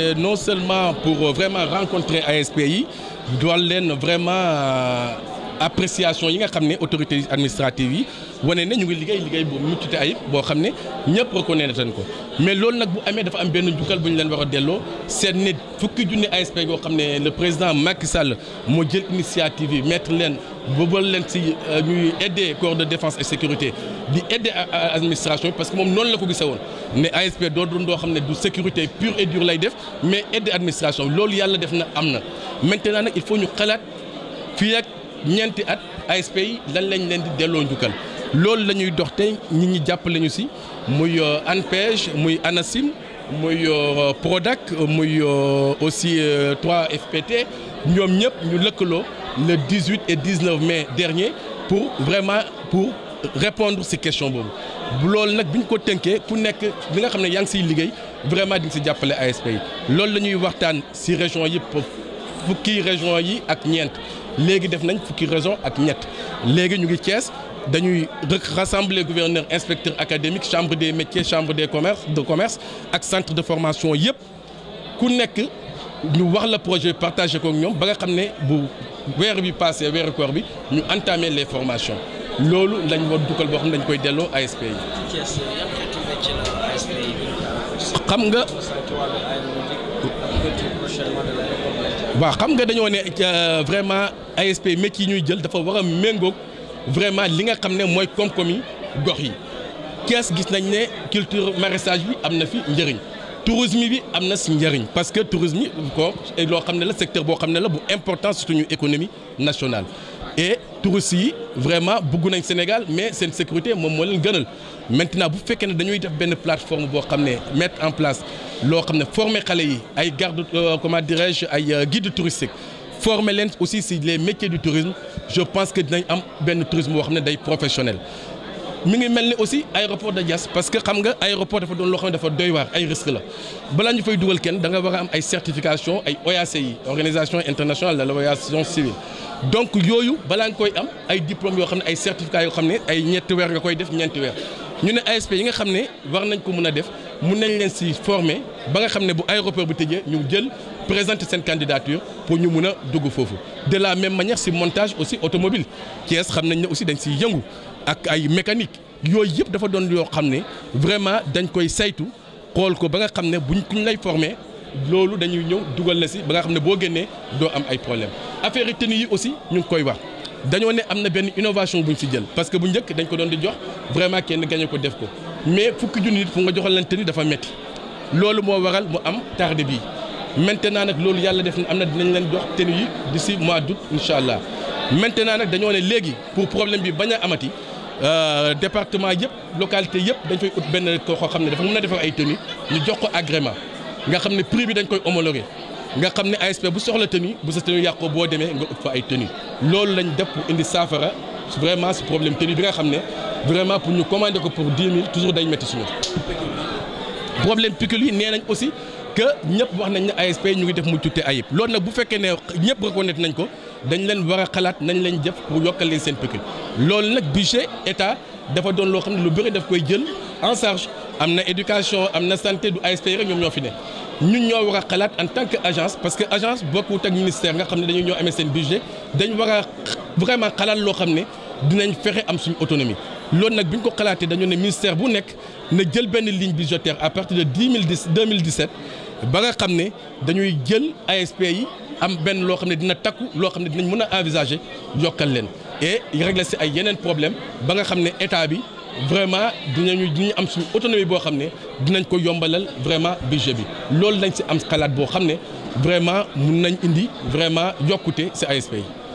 Et non seulement pour euh, vraiment rencontrer ASPI, doit leen vraiment euh, appréciation yi nga xam ne autorités administratives yi wane ne ñu ngi liggéey liggéey bu muccute ayib boo xam ne ñëpp reconnaître nañ ko mais loolu nag bu amee dafa am benn njukkal bu ñu leen war a delloo seen ne fukki junni ASP yoo xam ne le président Macky Sall moo jël initiative yi mettre leen bëbal leen si euh, ñuy aider corps de défense et sécurité di aider administration yi parce que moom noonu la ko gisee woon ne ASP doo doon doo xam ne du sécurité pure et lay def mais aider administration loolu yàlla def na am na ñu xalaat ñeenti at ASP yi lan lañ leen di delloo njukkal loolu la ñuy dox tey ñi ñi jàppale ñu si muy euh, ANPEJ muy ANACIM muy euh, PRODAC muy euh, aussi 3FPT ñoom ñëpp ñu lëkkaloo le 18 et 19 mais dernier pour vraiment pour répondre si question boobu loolu nag bi ñu ko tënkee ku nekk li nga xam ne yaa ngi siy liggéey vraiment di nga si jàppale ASP yi loolu la ñuy waxtaan si région yi fukki région yi ak ñeent léegi def nañ fukki raison ak ñett léegi ñu ngi cees dañuy rassembler gouverneur inspecteur académique chambre des métiers chambre des commerces de commerce ak centre de formation yëpp ku nekk ñu wax la projet partagé ko ñoom ba nga xam ne bu weer bi passé weeru koor bi ñu entamer les formation loolu lañ war dugal boo xam ne dañ koy delloo ASP yi. xam nga. waa xam nga dañoo ne euh, vraiment ASP métier yi ñuy jël dafa war a méngoog vraiment li nga xam ne mooy koom-koom yi gox yi kees gis nañ ne culture maraîchage yi am na fi njëriñ tourisme bi am na si njëriñ parce que tourisme yi ko loo xam ne la secteur boo xam ne la bu important suñu économie nationale et touristes yi vraiment bugg nañ Sénégal mais seen sécurité moom moo leen gënal maintenant bu fekkee ne dañuy def benn plateforme boo xam ne mettre en place loo xam ne former xale yi ay garde euh, comment dirais-je ay euh, guide touristique former leen aussi si les métiers du tourisme je pense que dinañ am benn tourisme boo xam ne day professionnel mi ngi mel ni aussi aéroport de Diass parce que xam nga aéroport dafa doon loo xam ne dafa doy waar ay risque la balaa ñu fay dugal kenn da nga war a am ay certification ay OACI organisation internationale de l'aviation civile donc yooyu balaa nga koy am ay diplômes yoo xam ne ay certificats yoo xam ne ay ñetti weer nga koy def ñeenti weer ñu ne ASP yi nga xam ne war nañ ko mën a def mu nañ leen si former ba nga xam ne bu aéroport bu tëjee ñu jël présenter seen candidature pour ñu mun a dugg foofu de la même manière si montage aussi automobile Thiès xam nañ ne aussi dañ siy yëngu ak ay mécanique yooyu yëpp dafa doon yoo xam ne vraiment dañ koy saytu xool ko ba nga xam ne buñ kuñ lay former loolu dañuy ñëw dugal la si ba nga xam ne boo génnee doo am ay problème affaire yi yi aussi ñu ngi koy wax dañoo ne am na benn innovation bu ñu si jël parce que bu njëkk dañ ko doon di jox vraiment kenn gañe ko def ko mais fukki junni nit fu nga joxal leen tenue dafa metti loolu moo waral mu am tardé bii maintenant nag loolu yàlla def na am na dinañ leen jox tenue yi d'ici mois d'août incha allah maintenant nag dañoo ne léegi pour problème bi bañ a amati. Euh, département yëpp localité yëpp dañ fay ut benn koo xam ne dafa mën a defar ay tenue ñu jox ko agrément nga xam ne prix bi dañ koy homologué nga xam ne ay ASP bu soxla tenue bu sa tenue yàqoo boo demee nga ut fa ay tenue loolu lañ def pour indi saafara vraiment si problème tenue bi nga xam ne vraiment pour ñu commandé ko pour 10 000 toujours day métti suñu problème piqûre yi nee nañ aussi que ñëpp wax nañ ne ASP ñu ngi def mu te ayib loolu na bu fekkee ne ñëpp reconnaître nañ ko. dañu leen war a xalaat nañ leen jëf pour yokkal leen seen pécule loolu nag budget état dafa doon loo xam ne lu bëri daf koy jël en charge am na éducation am na santé du ASP rek ñoom ñoo fi ne ñu ñoo war a xalaat en tant que agence parce que agence bokkut ak ministère nga xam ne dañu ñoo amee seen budget dañ war a vraiment xalaat loo xam ne dinañ fexe am suñu autonomie loolu nag bi ñu ko xalaatee dañoo ne ministère bu nekk na jël benn ligne budgétaire à partir de 2010 2017 ba nga xam ne dañuy jël ASP yi am benn loo xam ne dina takku loo xam ne dinañ mën a envisager yokkal leen et régler si ay yeneen problème ba nga xam ne état bi vraiment dinañu dinañu am suñu autonomie boo xam ne dinañ ko yombalal vraiment budget bi loolu nañ si am xalaat boo xam ne vraiment mun nañ indi vraiment yokkute si ay yi